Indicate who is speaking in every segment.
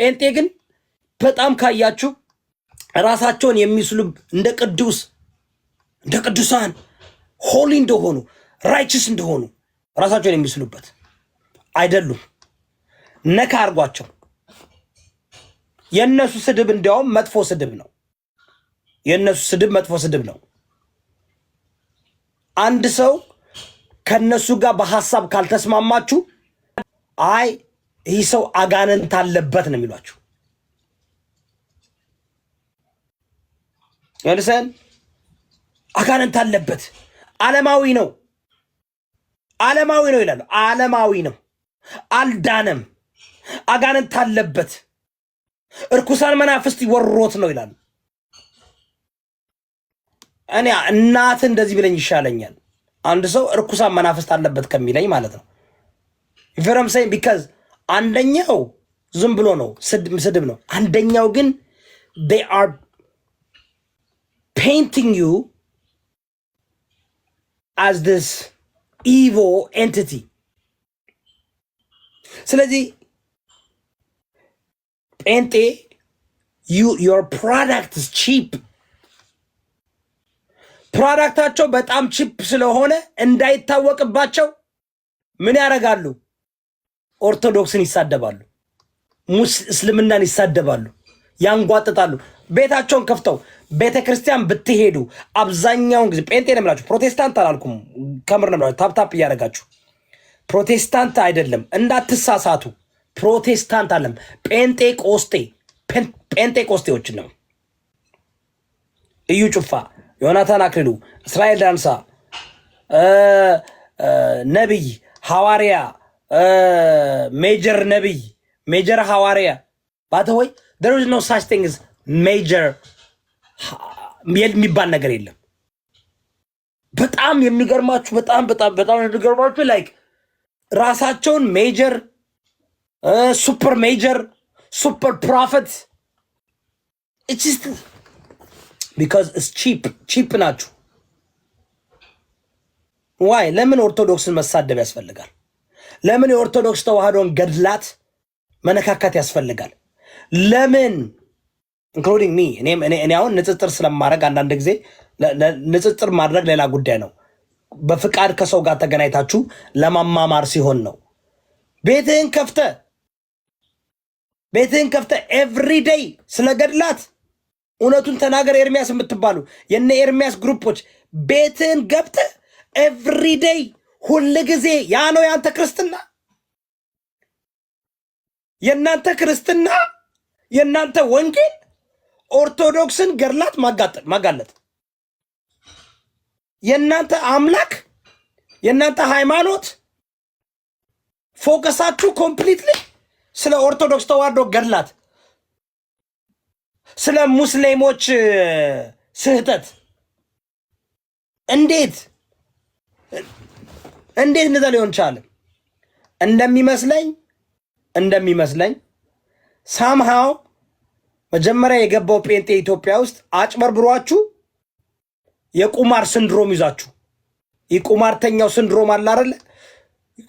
Speaker 1: ጴንጤ ግን በጣም ካያችሁ ራሳቸውን የሚስሉ እንደ ቅዱስ እንደ ቅዱሳን ሆሊ እንደሆኑ ራይችስ እንደሆኑ ራሳቸውን የሚስሉበት አይደሉም። ነካ አድርጓቸው። የእነሱ ስድብ እንዲያውም መጥፎ ስድብ ነው። የእነሱ ስድብ መጥፎ ስድብ ነው። አንድ ሰው ከእነሱ ጋር በሀሳብ ካልተስማማችሁ አይ ይህ ሰው አጋንንት አለበት ነው የሚሏችሁ። ያንሰን አጋንንት አለበት አለማዊ ነው አለማዊ ነው ይላሉ። አለማዊ ነው፣ አልዳነም፣ አጋንንት አለበት፣ እርኩሳን መናፍስት ወሮት ነው ይላሉ። እኔ እናት እንደዚህ ብለኝ ይሻለኛል፣ አንድ ሰው እርኩሳን መናፍስት አለበት ከሚለኝ ማለት ነው ቢካዝ አንደኛው ዝም ብሎ ነው ስድብ ነው። አንደኛው ግን they are painting you as this evil entity ስለዚህ ጴንጤ ዩ ዮር ፕሮዳክት ኢዝ ቺፕ ፕሮዳክታቸው በጣም ቺፕ ስለሆነ እንዳይታወቅባቸው ምን ያደርጋሉ? ኦርቶዶክስን ይሳደባሉ፣ እስልምናን ይሳደባሉ፣ ያንጓጥጣሉ። ቤታቸውን ከፍተው ቤተ ክርስቲያን ብትሄዱ አብዛኛውን ጊዜ ጴንጤ ነው ፕሮቴስታንት አላልኩም፣ ከምር ነው ታፕታፕ እያደረጋችሁ ፕሮቴስታንት አይደለም እንዳትሳሳቱ። ፕሮቴስታንት አለም ጴንጤ ቆስጤ ጴንጤ ነው። እዩ ጩፋ፣ ዮናታን አክሊሉ፣ እስራኤል ዳንሳ፣ ነቢይ ሐዋርያ ሜጀር ነቢይ፣ ሜጀር ሐዋርያ ባተወይ ደሮዝ ነው ሳች ቲንግስ ሜጀር የሚባል ነገር የለም። በጣም የሚገርማችሁ በጣም በጣም በጣም የሚገርማችሁ ላይክ ራሳቸውን ሜጀር ሱፐር ሜጀር ሱፐር ፕሮፌት ኢትስ ቢካዝ ኢትስ ቺፕ ቺፕ ናችሁ። ዋይ ለምን ኦርቶዶክስን መሳደብ ያስፈልጋል? ለምን የኦርቶዶክስ ተዋህዶን ገድላት መነካካት ያስፈልጋል? ለምን ኢንክሉዲንግ ሚ እኔ አሁን ንጽጽር ስለማድረግ አንዳንድ ጊዜ ንጽጽር ማድረግ ሌላ ጉዳይ ነው። በፍቃድ ከሰው ጋር ተገናኝታችሁ ለማማማር ሲሆን ነው። ቤትህን ከፍተ ቤትህን ከፍተ ኤቭሪ ዴይ ስለ ገድላት እውነቱን ተናገር ኤርሚያስ የምትባሉ የነ ኤርሚያስ ግሩፖች ቤትህን ገብተ ኤቭሪ ዴይ ሁል ጊዜ ያ ነው ያንተ ክርስትና። የእናንተ ክርስትና የእናንተ ወንጌል ኦርቶዶክስን ገድላት ማጋለጥ የእናንተ አምላክ የእናንተ ሃይማኖት ፎከሳችሁ ኮምፕሊትሊ ስለ ኦርቶዶክስ ተዋህዶ ገድላት፣ ስለ ሙስሊሞች ስህተት እንዴት እንዴት እንደዛ ሊሆን ቻለ? እንደሚመስለኝ እንደሚመስለኝ ሳምሃው መጀመሪያ የገባው ጴንጤ ኢትዮጵያ ውስጥ አጭበርብሯችሁ የቁማር ሲንድሮም ይዛችሁ የቁማርተኛው ሲንድሮም አለ አይደለ?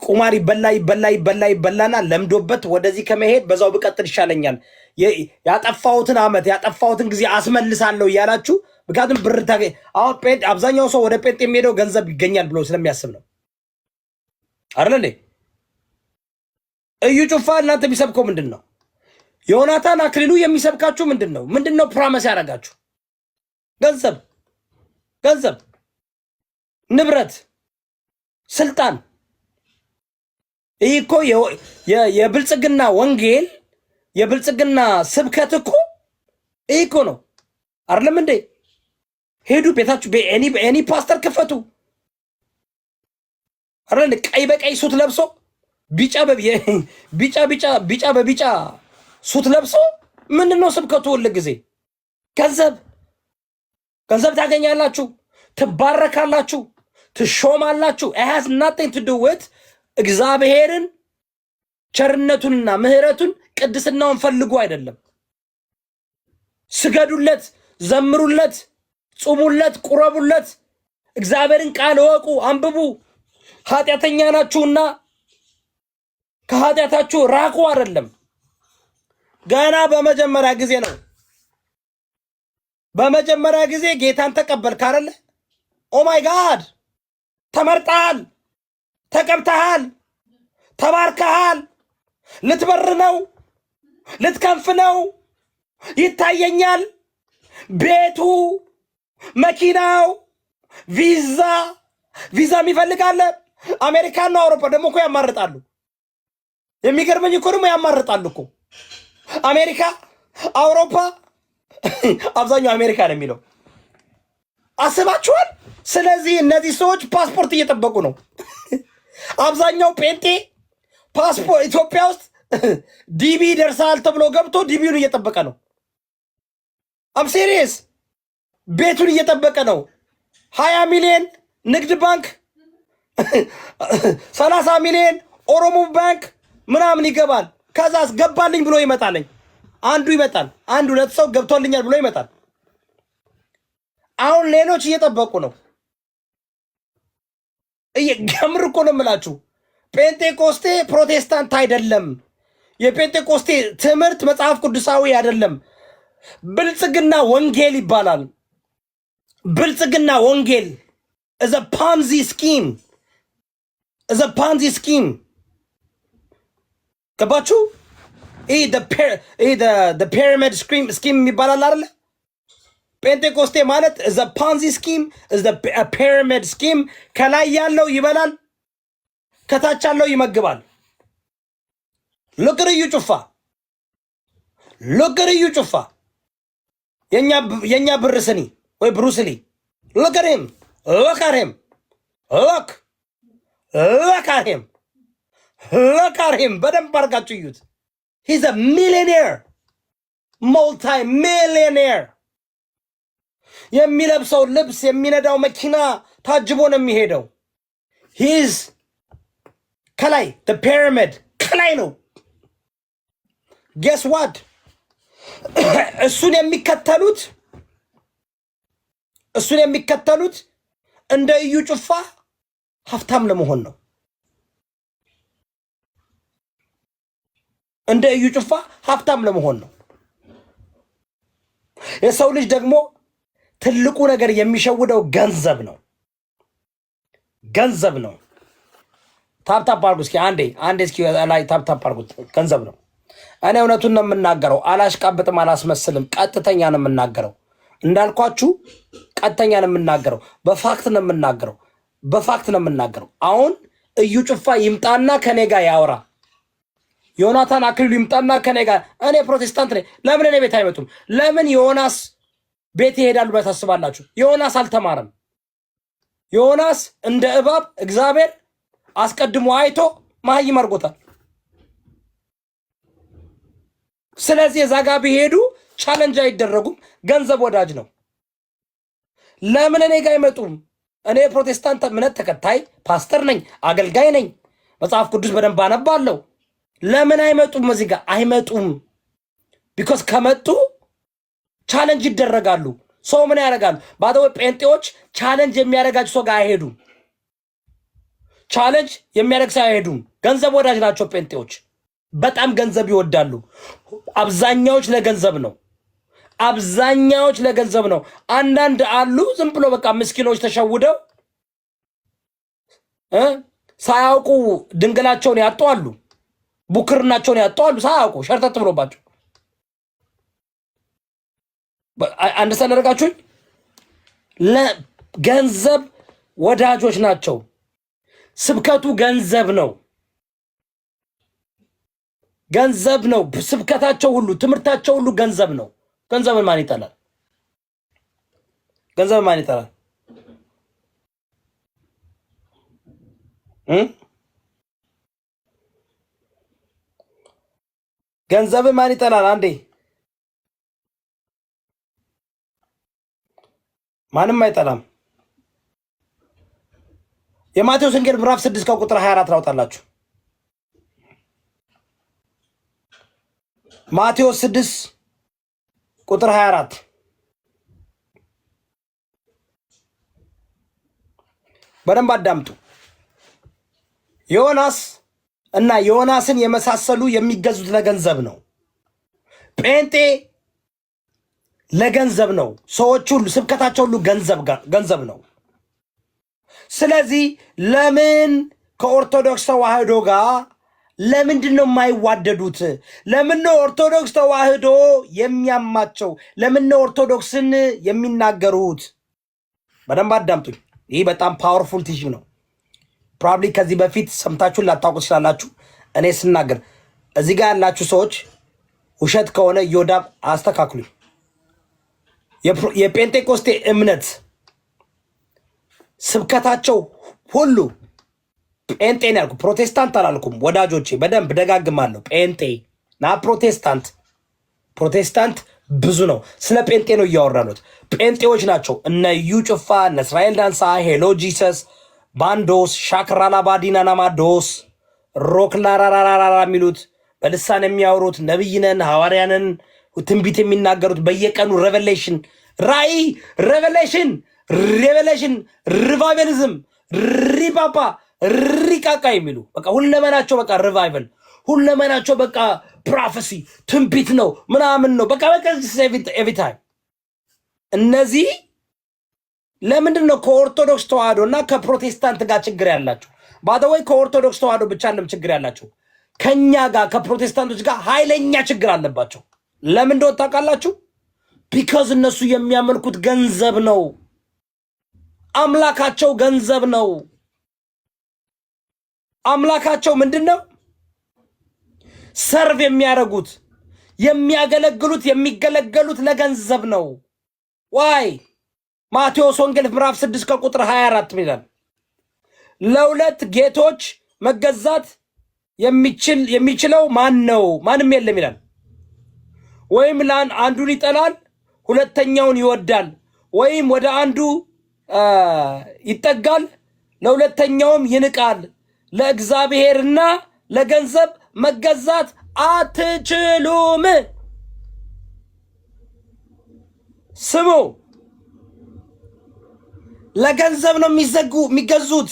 Speaker 1: ቁማር ይበላ ይበላ ይበላ ይበላና ለምዶበት ወደዚህ ከመሄድ በዛው ብቀጥል ይሻለኛል፣ ያጠፋሁትን አመት ያጠፋሁትን ጊዜ አስመልሳለሁ እያላችሁ ምክንያቱም ብር አሁን አብዛኛው ሰው ወደ ጴንጤ የሚሄደው ገንዘብ ይገኛል ብሎ ስለሚያስብ ነው። አይደለ? እዩ ጩፋ እናንተ የሚሰብከው ምንድን ነው? ዮናታን አክሊሉ የሚሰብካችሁ ምንድን ነው? ምንድን ነው ፕራመስ ያደርጋችሁ? ገንዘብ፣ ገንዘብ፣ ንብረት፣ ስልጣን። ይህ እኮ የብልጽግና ወንጌል የብልጽግና ስብከት እኮ ይህ እኮ ነው። አይደለም እንዴ? ሄዱ ቤታችሁ፣ ኤኒ ፓስተር ክፈቱ አረን ቀይ በቀይ ሱት ለብሶ ቢጫ ቢጫ ቢጫ ቢጫ በቢጫ ሱት ለብሶ ምንድን ነው ስብከቱ? ሁል ጊዜ ገንዘብ ገንዘብ ታገኛላችሁ፣ ትባረካላችሁ፣ ትሾማላችሁ። ኢሃዝ ናቲንግ ቱ ዱ ዊዝ እግዚአብሔርን ቸርነቱንና ምሕረቱን ቅድስናውን ፈልጉ አይደለም። ስገዱለት፣ ዘምሩለት፣ ጹሙለት፣ ቁረቡለት። እግዚአብሔርን ቃል እወቁ፣ አንብቡ። ኃጢአተኛ ናችሁና ከኃጢአታችሁ ራቁ አይደለም። ገና በመጀመሪያ ጊዜ ነው። በመጀመሪያ ጊዜ ጌታን ተቀበልክ አይደለ? ኦ ማይ ጋድ ተመርጠሃል፣ ተቀብተሃል፣ ተባርከሃል። ልትበር ነው፣ ልትከንፍ ነው። ይታየኛል ቤቱ፣ መኪናው፣ ቪዛ ቪዛም ይፈልጋለን አሜሪካና አውሮፓ ደግሞ እኮ ያማርጣሉ። የሚገርመኝ እኮ ደግሞ ያማርጣሉ እኮ አሜሪካ አውሮፓ፣ አብዛኛው አሜሪካ ነው የሚለው አስባችኋል። ስለዚህ እነዚህ ሰዎች ፓስፖርት እየጠበቁ ነው። አብዛኛው ጴንጤ ፓስፖርት ኢትዮጵያ ውስጥ ዲቢ ደርሳል ተብሎ ገብቶ ዲቢውን እየጠበቀ ነው። አም ሴሪየስ ቤቱን እየጠበቀ ነው። ሀያ ሚሊዮን ንግድ ባንክ ሰላሳ ሚሊዮን ኦሮሞ ባንክ ምናምን ይገባል። ከዛስ ገባልኝ ብሎ ይመጣለኝ አንዱ ይመጣል። አንድ ሁለት ሰው ገብቶልኛል ብሎ ይመጣል። አሁን ሌሎች እየጠበቁ ነው። እየገምር እኮ ነው የምላችሁ። ጴንጤቆስቴ ፕሮቴስታንት አይደለም። የጴንጤቆስቴ ትምህርት መጽሐፍ ቅዱሳዊ አይደለም። ብልጽግና ወንጌል ይባላል። ብልጽግና ወንጌል እዘ ፓንዚ ስኪም እዘ ፓንዚ ስኪም ገባችሁ? ይህ ፒራሚድ ስኪም የሚባላል አለ። ጴንጤኮስቴ ማለት እዘ ፓንዚ ስኪም ፒራሚድ ስኪም። ከላይ ያለው ይበላል፣ ከታች ያለው ይመግባል። ሎቅርዩ ጩፋ ሎቅርዩ ጩፋ የእኛ ብር ወይ ብሩስሊ ሎቅርም ሎካርም ሎክ ሎክ አት ሂም ሎክ አት ሂም። በደንብ አድርጋችሁ እዩት። ሂዝ አ ሚሊዮኔር ሞልታይ ሚሊዮኔር። የሚለብሰው ልብስ የሚነዳው መኪና ታጅቦ ነው የሚሄደው። ሂዝ ከላይ ፒራሚድ ከላይ ነው። ጌስ ዋት እሱን የሚከተሉት እሱን የሚከተሉት እንደ እዩ ጩፋ ሀብታም ለመሆን ነው። እንደ እዩ ጩፋ ሀብታም ለመሆን ነው። የሰው ልጅ ደግሞ ትልቁ ነገር የሚሸውደው ገንዘብ ነው። ገንዘብ ነው። ታፕታፕ አርጉ እስኪ አንዴ አንዴ እስኪ ላይ ታፕታፕ አርጉት። ገንዘብ ነው። እኔ እውነቱን ነው የምናገረው። አላሽቃብጥም፣ አላስመስልም። ቀጥተኛ ነው የምናገረው። እንዳልኳችሁ ቀጥተኛ ነው የምናገረው። በፋክት ነው የምናገረው። በፋክት ነው የምናገረው። አሁን እዩ ጭፋ ይምጣና ከኔ ጋር ያወራ፣ ዮናታን አክሊሉ ይምጣና ከኔ ጋር እኔ ፕሮቴስታንት ነኝ። ለምን እኔ ቤት አይመጡም? ለምን ዮናስ ቤት ይሄዳሉ ብላ ታስባላችሁ? ዮናስ አልተማረም። ዮናስ እንደ እባብ እግዚአብሔር አስቀድሞ አይቶ መሀይም አድርጎታል። ስለዚህ እዛ ጋ ቢሄዱ ቻለንጅ አይደረጉም። ገንዘብ ወዳጅ ነው። ለምን እኔ ጋር አይመጡም? እኔ የፕሮቴስታንት እምነት ተከታይ ፓስተር ነኝ፣ አገልጋይ ነኝ፣ መጽሐፍ ቅዱስ በደንብ አነባለሁ። ለምን አይመጡም? እዚህ ጋር አይመጡም። ቢኮዝ ከመጡ ቻለንጅ ይደረጋሉ። ሰው ምን ያደርጋሉ? ባደወ ጴንጤዎች ቻለንጅ የሚያደርጋቸው ሰው ጋር አይሄዱም። ቻለንጅ የሚያደርግ ሰው አይሄዱም። ገንዘብ ወዳጅ ናቸው ጴንጤዎች፣ በጣም ገንዘብ ይወዳሉ። አብዛኛዎች ለገንዘብ ነው። አብዛኛዎች ለገንዘብ ነው። አንዳንድ አሉ ዝም ብሎ በቃ ምስኪኖች ተሸውደው ሳያውቁ ድንግላቸውን ያጡ አሉ፣ ቡክርናቸውን ያጡ አሉ፣ ሳያውቁ ሸርተት ብሎባቸው አንድ ሳደረጋችሁኝ። ገንዘብ ወዳጆች ናቸው። ስብከቱ ገንዘብ ነው ገንዘብ ነው። ስብከታቸው ሁሉ ትምህርታቸው ሁሉ ገንዘብ ነው። ገንዘብን ማን ይጠላል? ገንዘብ ማን ይጠላል? ገንዘብን ማን ይጠላል? አንዴ ማንም አይጠላም። የማቴዎስ ወንጌል ምዕራፍ 6 ከቁጥር 24 ላውጣላችሁ። ማቴዎስ 6 ቁጥር 24 በደንብ አዳምጡ። ዮናስ እና ዮናስን የመሳሰሉ የሚገዙት ለገንዘብ ነው። ጴንጤ ለገንዘብ ነው። ሰዎች ሁሉ ስብከታቸው ሁሉ ገንዘብ ነው። ስለዚህ ለምን ከኦርቶዶክስ ተዋህዶ ጋር ለምንድን ነው የማይዋደዱት? ለምን ነው ኦርቶዶክስ ተዋህዶ የሚያማቸው? ለምን ነው ኦርቶዶክስን የሚናገሩት? በደንብ አዳምጡኝ። ይህ በጣም ፓወርፉል ቲችንግ ነው። ፕሮባብሊ ከዚህ በፊት ሰምታችሁን ላታውቁ ትችላላችሁ። እኔ ስናገር እዚህ ጋር ያላችሁ ሰዎች ውሸት ከሆነ ዮዳብ አስተካክሉኝ። የጴንጤቆስቴ እምነት ስብከታቸው ሁሉ ጴንጤን ያልኩ ፕሮቴስታንት አላልኩም። ወዳጆቼ በደንብ ደጋግማለሁ። ጴንጤ ና ፕሮቴስታንት ፕሮቴስታንት ብዙ ነው። ስለ ጴንጤ ነው እያወራሉት። ጴንጤዎች ናቸው እነ ዩ ጭፋ፣ እነ እስራኤል ዳንሳ፣ ሄሎ ጂሰስ፣ ባንዶስ፣ ሻክራላ ባዲና ናማዶስ፣ ሮክላራራራራ የሚሉት በልሳን የሚያወሩት ነቢይነን ሐዋርያንን ትንቢት የሚናገሩት በየቀኑ ሬቨሌሽን ራእይ፣ ሬቨሌሽን፣ ሬቨሌሽን፣ ሪቫይቨሊዝም፣ ሪፓፓ ሪቃቃ የሚሉ በቃ ሁለመናቸው በቃ ሪቫይቨል ሁለመናቸው በቃ ፕሮፌሲ ትንቢት ነው ምናምን ነው በቃ በቃ ኤቭሪ ታይም እነዚህ ለምንድን ነው ከኦርቶዶክስ ተዋህዶ እና ከፕሮቴስታንት ጋር ችግር ያላቸው? ባደወይ ከኦርቶዶክስ ተዋህዶ ብቻ እንደም ችግር ያላቸው ከኛ ጋር ከፕሮቴስታንቶች ጋር ኃይለኛ ችግር አለባቸው። ለምን እንደሆነ ታውቃላችሁ? ቢካዝ እነሱ የሚያመልኩት ገንዘብ ነው። አምላካቸው ገንዘብ ነው። አምላካቸው ምንድን ነው? ሰርቭ የሚያደርጉት የሚያገለግሉት የሚገለገሉት ለገንዘብ ነው። ዋይ ማቴዎስ ወንጌል ምዕራፍ 6 ከቁጥር 24 ይላል ለሁለት ጌቶች መገዛት የሚችል የሚችለው ማን ነው? ማንም የለም ይላል። ወይም አንዱን ይጠላል፣ ሁለተኛውን ይወዳል፣ ወይም ወደ አንዱ ይጠጋል፣ ለሁለተኛውም ይንቃል። ለእግዚአብሔርና ለገንዘብ መገዛት አትችሉም። ስሙ፣ ለገንዘብ ነው የሚዘጉ የሚገዙት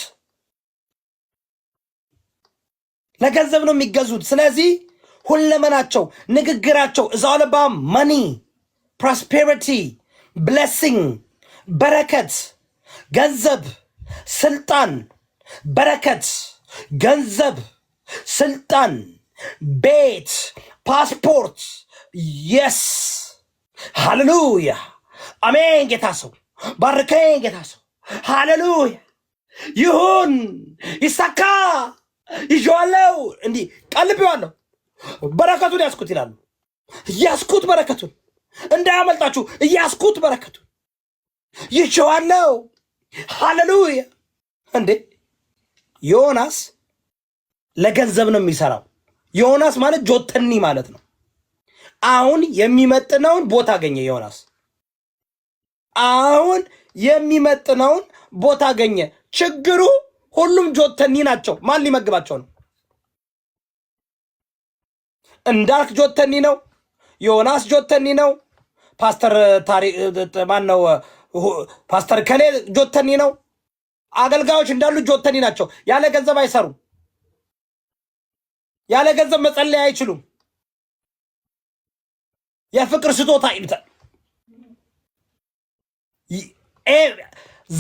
Speaker 1: ለገንዘብ ነው የሚገዙት። ስለዚህ ሁለመናቸው፣ ንግግራቸው እዛ መኒ ፕሮስፔሪቲ፣ ብሌሲንግ፣ በረከት፣ ገንዘብ፣ ስልጣን፣ በረከት ገንዘብ፣ ስልጣን፣ ቤት፣ ፓስፖርት። የስ ሃሌሉያ አሜን። ጌታ ሰው ባርከኝ። ጌታ ሰው ሃሌሉያ ይሁን፣ ይሳካ፣ ይዤዋለሁ፣ እንዲህ ቀልቤዋለሁ፣ በረከቱን ያስኩት ይላሉ። እያስኩት በረከቱን እንዳያመልጣችሁ፣ እያስኩት በረከቱን ይዤዋለሁ። ሃሌሉያ እንዴ ዮናስ ለገንዘብ ነው የሚሰራው። ዮናስ ማለት ጆተኒ ማለት ነው። አሁን የሚመጥነውን ቦታ አገኘ ዮናስ። አሁን የሚመጥነውን ቦታ አገኘ። ችግሩ ሁሉም ጆተኒ ናቸው። ማን ሊመግባቸው ነው? እንዳልክ ጆተኒ ነው። ዮናስ ጆተኒ ነው። ፓስተር ታሪ ማን ነው? ፓስተር ከሌ ጆተኒ ነው። አገልጋዮች እንዳሉ ጆተኒ ናቸው። ያለ ገንዘብ አይሰሩም። ያለ ገንዘብ መጸለይ አይችሉም። የፍቅር ስጦታ ይምታል።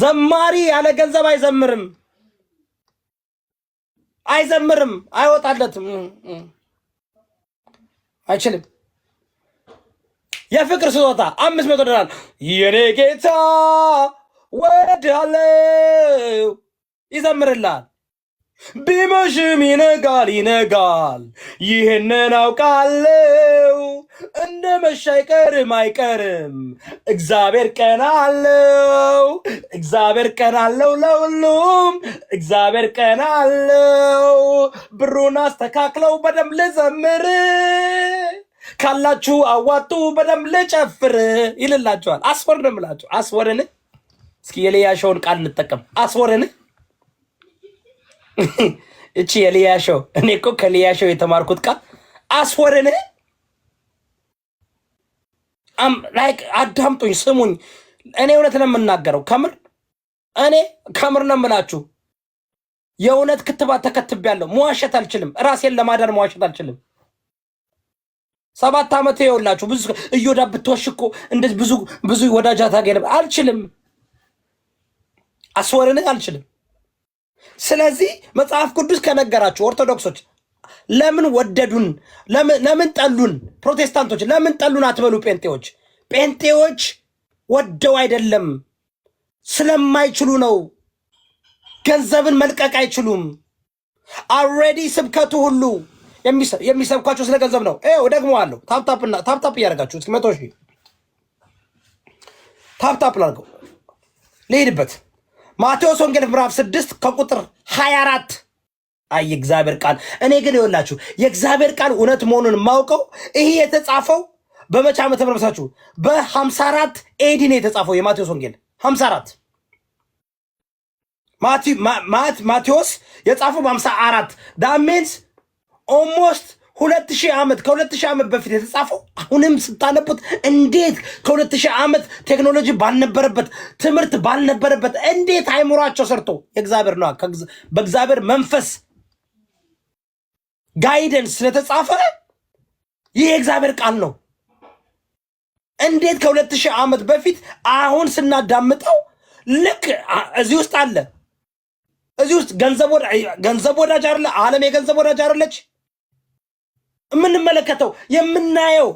Speaker 1: ዘማሪ ያለ ገንዘብ አይዘምርም፣ አይዘምርም፣ አይወጣለትም፣ አይችልም። የፍቅር ስጦታ አምስት መቶ ዶላር የኔ ጌታ ወድሃለው ይዘምርላል። ቢመሽም ይነጋል ይነጋል፣ ይህንን አውቃለው። እንደ መሽ አይቀርም አይቀርም፣ እግዚአብሔር ቀን አለው። እግዚአብሔር ቀን አለው ለሁሉም፣ እግዚአብሔር ቀን አለው። ብሩን አስተካክለው በደም ልዘምር፣ ካላችሁ አዋጡ በደም ልጨፍር ይልላችኋል። አስወር ምላችሁ አስወርን እስኪ የልያሸውን ቃል እንጠቀም። አስወረን እቺ የልያሸው እኔ እኮ ከልያሸው የተማርኩት ቃል አስወረን። ላይክ አዳምጡኝ፣ ስሙኝ። እኔ እውነት ነው የምናገረው፣ ከምር እኔ ከምር ነው የምላችሁ። የእውነት ክትባት ተከትቤያለሁ። መዋሸት አልችልም። ራሴን ለማዳን መዋሸት አልችልም። ሰባት ዓመት የውላችሁ ብዙ እዮዳ ብትወሽ እኮ እንደዚህ ብዙ ብዙ ወዳጃ ታገኝ አልችልም። አስወርንህ አልችልም። ስለዚህ መጽሐፍ ቅዱስ ከነገራችሁ ኦርቶዶክሶች ለምን ወደዱን፣ ለምን ጠሉን፣ ፕሮቴስታንቶች ለምን ጠሉን አትበሉ። ጴንጤዎች ጴንጤዎች ወደው አይደለም ስለማይችሉ ነው። ገንዘብን መልቀቅ አይችሉም። አልሬዲ ስብከቱ ሁሉ የሚሰብኳቸው ስለ ገንዘብ ነው። ደግሞ አለው ታፕታፕና ታፕታፕ እያደረጋችሁ እስኪ መቶ ሺህ ታፕታፕ ላርገው ልሄድበት ማቴዎስ ወንጌል ምዕራፍ 6 ከቁጥር 24 አይ የእግዚአብሔር ቃል እኔ ግን ይወላችሁ የእግዚአብሔር ቃል እውነት መሆኑን ማውቀው ይሄ የተጻፈው በመቼ ዓመተ ምህረት መሰላችሁ? በ54 ኤዲ ነው የተጻፈው የማቴዎስ ወንጌል 54 ማቴዎስ የጻፈው በ54 ዳት ሚንስ ኦልሞስት ሁለት ሺህ ዓመት ከሁለት ሺህ ዓመት በፊት የተጻፈው አሁንም ስታነቡት እንዴት ከሁለት ሺህ ዓመት ቴክኖሎጂ ባልነበረበት ትምህርት ባልነበረበት እንዴት አይምሯቸው ሰርቶ የእግዚአብሔር ነዋ በእግዚአብሔር መንፈስ ጋይደንስ ስለተጻፈ ይህ የእግዚአብሔር ቃል ነው። እንዴት ከሁለት ሺህ ዓመት በፊት አሁን ስናዳምጠው ልክ እዚህ ውስጥ አለ። እዚህ ውስጥ ገንዘብ ወዳጅ አለ። ዓለም የገንዘብ ወዳጅ አለች። የምንመለከተው የምናየው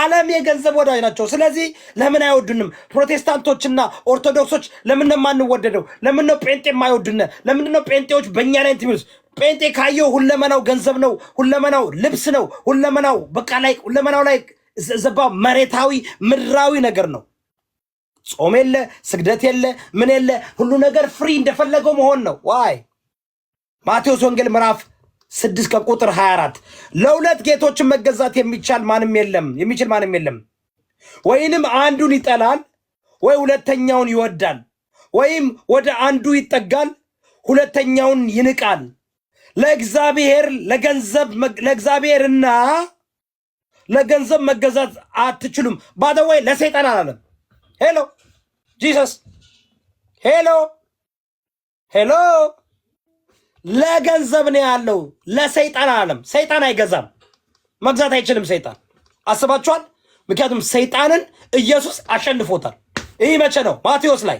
Speaker 1: ዓለም የገንዘብ ወዳጅ ናቸው። ስለዚህ ለምን አይወዱንም? ፕሮቴስታንቶችና ኦርቶዶክሶች ለምን የማንወደደው? ለምን ነው ጴንጤ የማይወዱነ? ለምንድን ነው ጴንጤዎች በእኛ ላይ ትሚሉስ? ጴንጤ ካየው ሁለመናው ገንዘብ ነው፣ ሁለመናው ልብስ ነው፣ ሁለመናው በቃ ላይ ሁለመናው ላይ ዘባ መሬታዊ ምድራዊ ነገር ነው። ጾም የለ፣ ስግደት የለ፣ ምን የለ፣ ሁሉ ነገር ፍሪ እንደፈለገው መሆን ነው። ዋይ ማቴዎስ ወንጌል ምዕራፍ ስድስት ከቁጥር 24 ለሁለት ጌቶችን መገዛት የሚቻል ማንም የለም የሚችል ማንም የለም። ወይንም አንዱን ይጠላል ወይ ሁለተኛውን ይወዳል፣ ወይም ወደ አንዱ ይጠጋል ሁለተኛውን ይንቃል። ለእግዚአብሔር ለገንዘብ ለእግዚአብሔርና ለገንዘብ መገዛት አትችሉም። ወይ ለሰይጣን አላለም። ሄሎ ጂሰስ ሄሎ ሄሎ ለገንዘብ ነው ያለው፣ ለሰይጣን አለም። ሰይጣን አይገዛም፣ መግዛት አይችልም ሰይጣን። አስባችኋል? ምክንያቱም ሰይጣንን ኢየሱስ አሸንፎታል። ይህ መቼ ነው? ማቴዎስ ላይ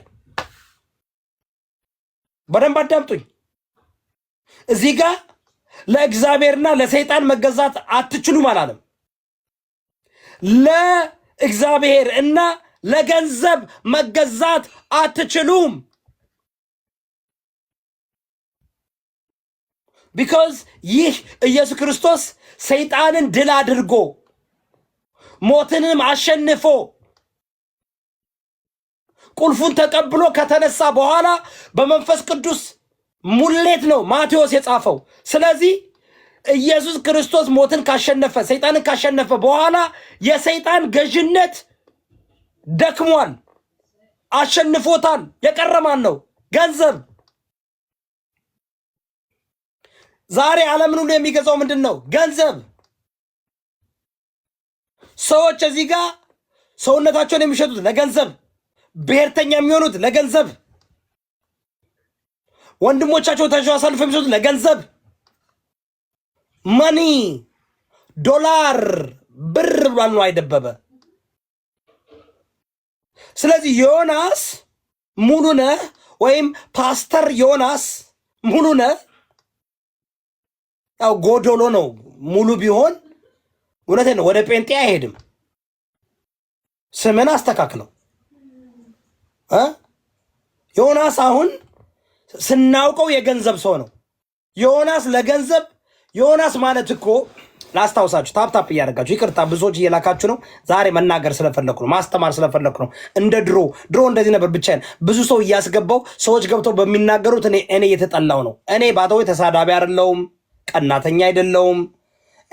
Speaker 1: በደንብ አዳምጡኝ። እዚህ ጋር ለእግዚአብሔርና ለሰይጣን መገዛት አትችሉም አላለም። ለእግዚአብሔር እና ለገንዘብ መገዛት አትችሉም ቢኮዝ ይህ ኢየሱስ ክርስቶስ ሰይጣንን ድል አድርጎ ሞትንም አሸንፎ ቁልፉን ተቀብሎ ከተነሳ በኋላ በመንፈስ ቅዱስ ሙሌት ነው ማቴዎስ የጻፈው። ስለዚህ ኢየሱስ ክርስቶስ ሞትን ካሸነፈ ሰይጣንን ካሸነፈ በኋላ የሰይጣን ገዥነት ደክሟል፣ አሸንፎታል። የቀረማን ነው ገንዘብ ዛሬ ዓለምን ሁሉ የሚገዛው ምንድን ነው? ገንዘብ። ሰዎች እዚህ ጋር ሰውነታቸውን የሚሸጡት ለገንዘብ፣ ብሔርተኛ የሚሆኑት ለገንዘብ፣ ወንድሞቻቸው ተሸ አሳልፎ የሚሰጡት ለገንዘብ። መኒ ዶላር ብር ብሏል ነው አይደበበ። ስለዚህ ዮናስ ሙሉ ነህ ወይም ፓስተር ዮናስ ሙሉ ነህ ያው ጎዶሎ ነው። ሙሉ ቢሆን እውነት ነው ወደ ጴንጤ አይሄድም። ስምን አስተካክለው እ ዮናስ አሁን ስናውቀው የገንዘብ ሰው ነው። ዮናስ ለገንዘብ ዮናስ ማለት እኮ ላስታውሳችሁ፣ ታፕታፕ እያደረጋችሁ ይቅርታ፣ ብዙዎች እየላካችሁ ነው። ዛሬ መናገር ስለፈለኩ ነው፣ ማስተማር ስለፈለኩ ነው። እንደ ድሮ ድሮ እንደዚህ ነበር። ብቻ ብዙ ሰው እያስገባው ሰዎች ገብተው በሚናገሩት እኔ እየተጠላው ነው። እኔ ባተወይ ተሳዳቢ አይደለሁም። ቀናተኛ አይደለውም።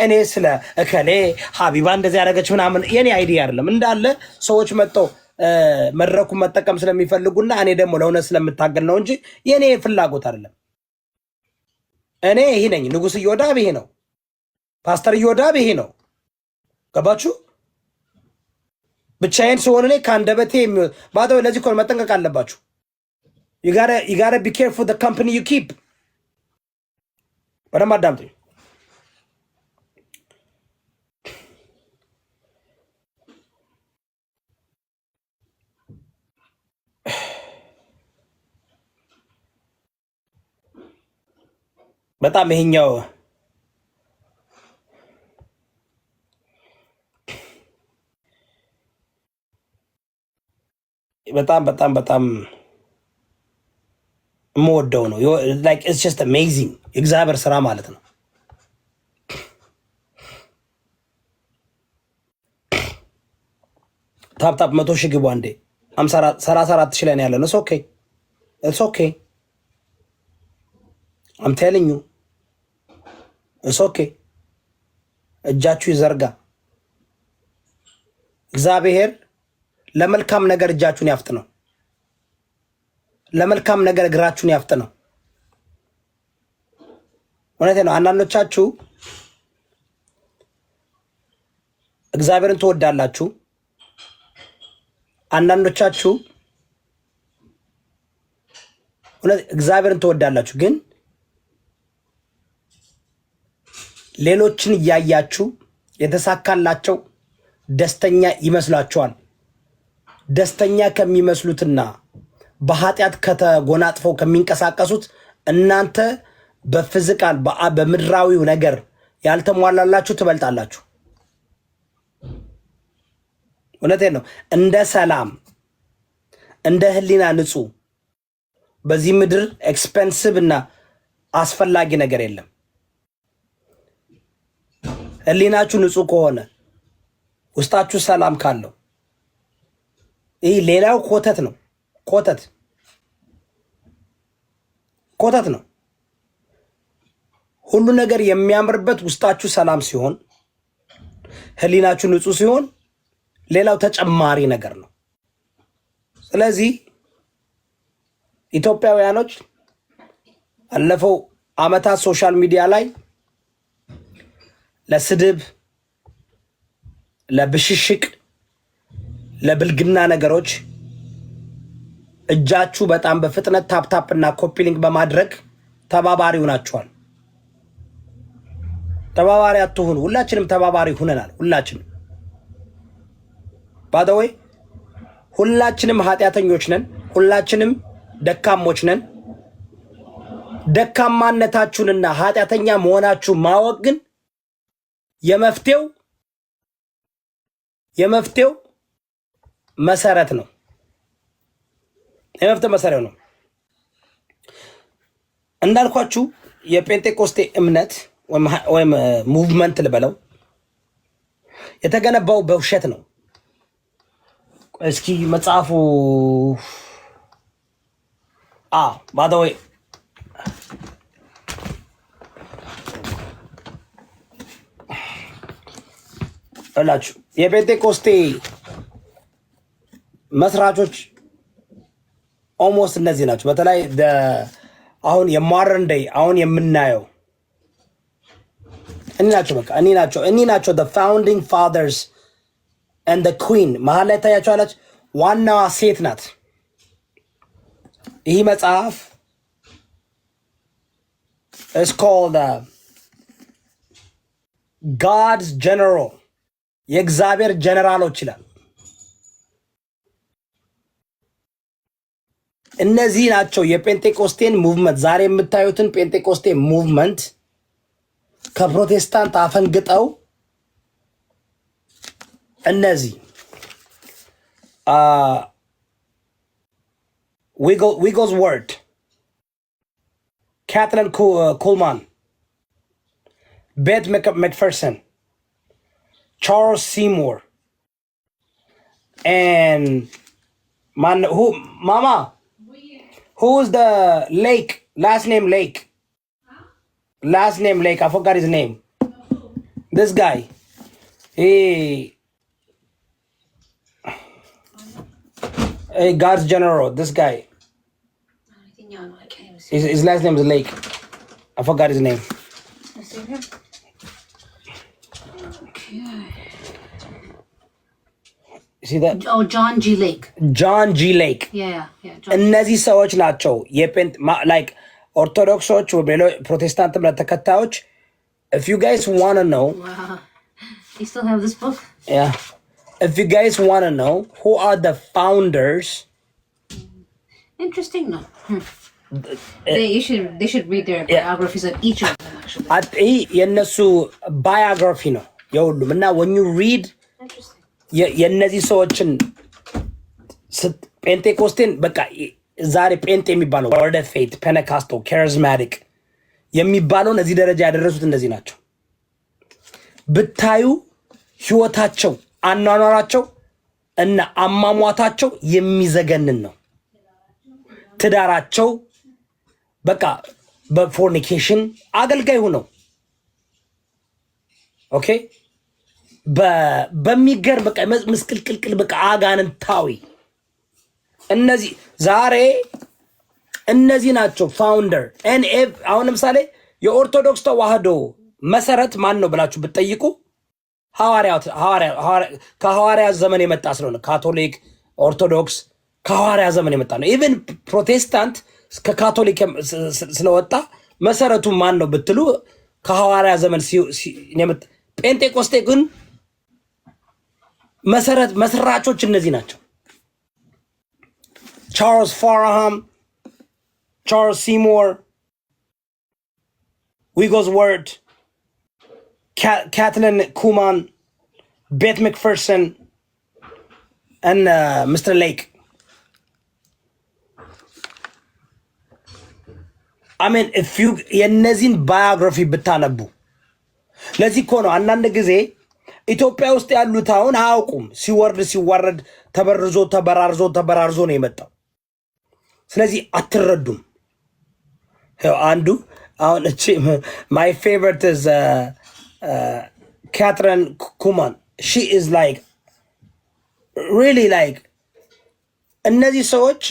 Speaker 1: እኔ ስለ እከሌ ሀቢባ እንደዚህ ያደረገች ምናምን የኔ አይዲያ አይደለም። እንዳለ ሰዎች መጥተው መድረኩን መጠቀም ስለሚፈልጉና እኔ ደግሞ ለእውነት ስለምታገል ነው እንጂ የእኔ ፍላጎት አይደለም። እኔ ይሄ ነኝ፣ ንጉስ እዮዳብ ይሄ ነው፣ ፓስተር እዮዳብ ይሄ ነው። ገባችሁ? ብቻዬን ስሆን እኔ ከአንደበቴ የሚወ ለዚህ እኮ መጠንቀቅ አለባችሁ። ዩ ጋራ ቢ ኬርፉል ዘ ዩ ኪፕ በደንብ አዳምጡኝ። በጣም ይሄኛው በጣም በጣም በጣም የምወደው ነው። ኢትስ ጀስት አሜዚንግ የእግዚአብሔር ስራ ማለት ነው። ታፕታፕ መቶ ሺህ ግቡ አንዴ ሰላሳ አራት ሺህ ላይ ነው ያለነው። ኦኬ ኢትስ ኦኬ አም ቴሊንግ ዩ ኢትስ ኦኬ። እጃችሁ ይዘርጋ። እግዚአብሔር ለመልካም ነገር እጃችሁን ያፍጥ ነው። ለመልካም ነገር እግራችሁን ያፍጥ ነው። እውነቴ ነው። አንዳንዶቻችሁ እግዚአብሔርን ትወዳላችሁ። አንዳንዶቻችሁ እግዚአብሔርን ትወዳላችሁ፣ ግን ሌሎችን እያያችሁ የተሳካላቸው ደስተኛ ይመስላችኋል። ደስተኛ ከሚመስሉትና በኃጢአት ከተጎናጥፈው ከሚንቀሳቀሱት እናንተ በፊዚካል በምድራዊው ነገር ያልተሟላላችሁ ትበልጣላችሁ። እውነት ነው። እንደ ሰላም እንደ ህሊና ንጹህ በዚህ ምድር ኤክስፐንሲቭ እና አስፈላጊ ነገር የለም። ህሊናችሁ ንጹህ ከሆነ ውስጣችሁ ሰላም ካለው ይህ ሌላው ኮተት ነው። ኮተት ኮተት ነው። ሁሉ ነገር የሚያምርበት ውስጣችሁ ሰላም ሲሆን፣ ህሊናችሁ ንጹህ ሲሆን፣ ሌላው ተጨማሪ ነገር ነው። ስለዚህ ኢትዮጵያውያኖች አለፈው አመታት ሶሻል ሚዲያ ላይ ለስድብ፣ ለብሽሽቅ፣ ለብልግና ነገሮች እጃችሁ በጣም በፍጥነት ታፕታፕ እና ኮፒሊንግ በማድረግ ተባባሪ ሆናችኋል። ተባባሪ አትሁኑ። ሁላችንም ተባባሪ ሁነናል። ሁላችንም ባደወይ ሁላችንም ኃጢአተኞች ነን። ሁላችንም ደካሞች ነን። ደካማነታችሁንና ኃጢአተኛ መሆናችሁ ማወቅ ግን የመፍትሄው የመፍትሄው መሰረት ነው። የመፍትሄ መሳሪያው ነው። እንዳልኳችሁ የጴንቴኮስቴ እምነት ወይም ሙቭመንት ልበለው የተገነባው በውሸት ነው። እስኪ መጽሐፉ ባደወይ እላችሁ የጴንቴኮስቴ መስራቾች ኦልሞስት እነዚህ ናቸው። በተለይ አሁን የማረን ደይ አሁን የምናየው እኔ ናቸው። በቃ እኔ ናቸው፣ እኔ ናቸው ፋውንዲንግ ፋዘርስ እንደ ኩዊን መሀል ላይ ታያቸዋለች። ዋናዋ ሴት ናት። ይህ መጽሐፍ is called ጋድስ uh, ጀነራል የእግዚአብሔር ጀነራሎች ይላል። እነዚህ ናቸው የጴንጤቆስቴን ሙቭመንት ዛሬ የምታዩትን ጴንጤቆስቴ ሙቭመንት ከፕሮቴስታንት አፈንግጠው እነዚህ ዊጎዝ ወርድ፣ ካትለን ኩልማን፣ ቤት መክፈርሰን፣ ቻርልስ ሲሞር ማማ who is the Lake? Last name Lake. Last name Lake. I forgot his name. This guy. He. A guards general. This guy. His, his last name is Lake. I forgot his name.
Speaker 2: ጆን ጂ ሌክ
Speaker 1: ጆን ጂ ሌክ John G. Lake. ላይክ ኦርቶዶክሶች ፕሮቴስታንት እምነት ተከታዮች if you guys want to know
Speaker 2: you still have this book
Speaker 1: yeah if you guys want to know who are the founders
Speaker 2: interesting no hmm. eh. they you should they should read their biographies of each of them actually
Speaker 1: at የነሱ biography no. Yo, when you read interesting የእነዚህ ሰዎችን ጴንቴኮስቴን በቃ ዛሬ ጴንጤ የሚባለው ወርደ ፌት ፔነካስቶ ካሪዝማቲክ የሚባለውን እዚህ ደረጃ ያደረሱት እነዚህ ናቸው። ብታዩ ህይወታቸው፣ አኗኗራቸው እና አሟሟታቸው የሚዘገንን ነው። ትዳራቸው በቃ በፎርኒኬሽን አገልጋይ ሁነው ኦኬ በሚገርም በቃ ምስቅልቅልቅል በቃ አጋንንታዊ እነዚህ ዛሬ እነዚህ ናቸው ፋውንደር ኤንኤፍ። አሁን ለምሳሌ የኦርቶዶክስ ተዋህዶ መሰረት ማን ነው ብላችሁ ብትጠይቁ ከሐዋርያ ዘመን የመጣ ስለሆነ ካቶሊክ፣ ኦርቶዶክስ ከሐዋርያ ዘመን የመጣ ነው። ኢቨን ፕሮቴስታንት ከካቶሊክ ስለወጣ መሰረቱ ማን ነው ብትሉ ከሐዋርያ ዘመን ጴንጤቆስቴ ግን መሰረት መስራቾች እነዚህ ናቸው። ቻርልስ ፋራሃም፣ ቻርልስ ሲሞር፣ ወርድ፣ ካትለን ኩማን፣ ቤት መክፈርሰን እነ ምስተር ሌክ አሜን የእነዚህን ባዮግራፊ ብታነቡ ለዚህ እኮ ነው አንዳንድ ጊዜ ኢትዮጵያ ውስጥ ያሉት አሁን አያውቁም። ሲወርድ ሲዋረድ ተበርዞ ተበራርዞ ተበራርዞ ነው የመጣው። ስለዚህ አትረዱም። አንዱ አሁን እቺ ማይ ፌቨሪት ኢዝ ካትሪን ኩማን ሺ ኢዝ ላይክ ሪሊ ላይክ እነዚህ ሰዎች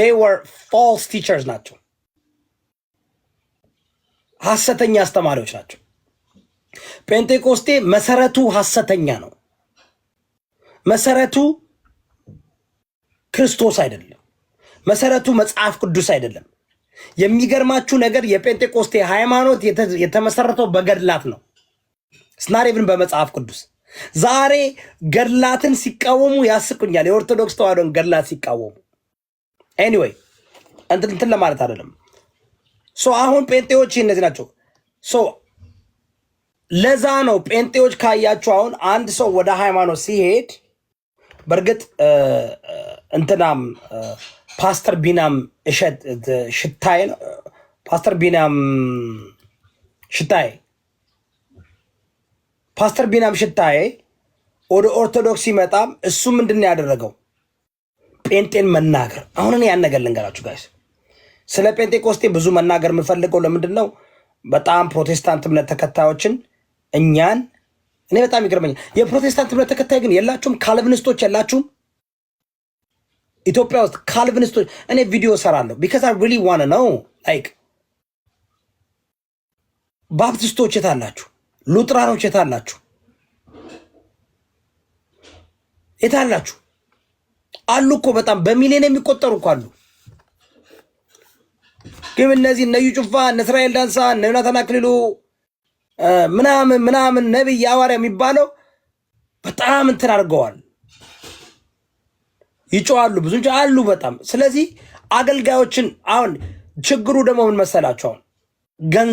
Speaker 1: ዴይ ወር ፋልስ ቲቸርስ ናቸው፣ ሀሰተኛ አስተማሪዎች ናቸው። ጴንጤቆስጤ መሰረቱ ሐሰተኛ ነው። መሰረቱ ክርስቶስ አይደለም። መሰረቱ መጽሐፍ ቅዱስ አይደለም። የሚገርማችሁ ነገር የጴንጤቆስቴ ሃይማኖት የተመሰረተው በገድላት ነው። ስናሬብን በመጽሐፍ ቅዱስ ዛሬ ገድላትን ሲቃወሙ ያስቁኛል። የኦርቶዶክስ ተዋህዶን ገድላት ሲቃወሙ ኤኒዌይ እንትን ለማለት አይደለም። ሶ አሁን ጴንጤዎች እነዚህ ናቸው። ሶ ለዛ ነው ጴንጤዎች ካያችሁ አሁን አንድ ሰው ወደ ሃይማኖት ሲሄድ በእርግጥ እንትናም ፓስተር ቢናም ሽታይ ነው። ፓስተር ቢናም ሽታይ ፓስተር ቢናም ሽታይ ወደ ኦርቶዶክስ ሲመጣም እሱ ምንድን ያደረገው? ጴንጤን መናገር። አሁን እኔ ያን ነገር ልንገራችሁ ጋይስ። ስለ ጴንጤቆስቴ ብዙ መናገር የምፈልገው ለምንድን ነው በጣም ፕሮቴስታንት እምነት ተከታዮችን እኛን እኔ በጣም ይገርመኛል። የፕሮቴስታንት እምነት ተከታይ ግን የላችሁም? ካልቪኒስቶች የላችሁም? ኢትዮጵያ ውስጥ ካልቪኒስቶች እኔ ቪዲዮ ሰራለሁ። ቢካዝ አይ ሪሊ ዋን ነው ላይክ ባፕቲስቶች የታላችሁ? ሉጥራኖች የታላችሁ? የታላችሁ? አሉ እኮ በጣም በሚሊዮን የሚቆጠሩ እኮ አሉ። ግን እነዚህ ነዩ እዩ ጩፋ፣ እነ እስራኤል ዳንሳ፣ እነ ዮናታን አክሊሉ ምናምን ምናምን ነቢይ አዋርያ የሚባለው በጣም እንትን አድርገዋል። ይጮዋሉ፣ ብዙ አሉ በጣም ስለዚህ አገልጋዮችን አሁን ችግሩ ደግሞ ምን መሰላቸው ገንዘብ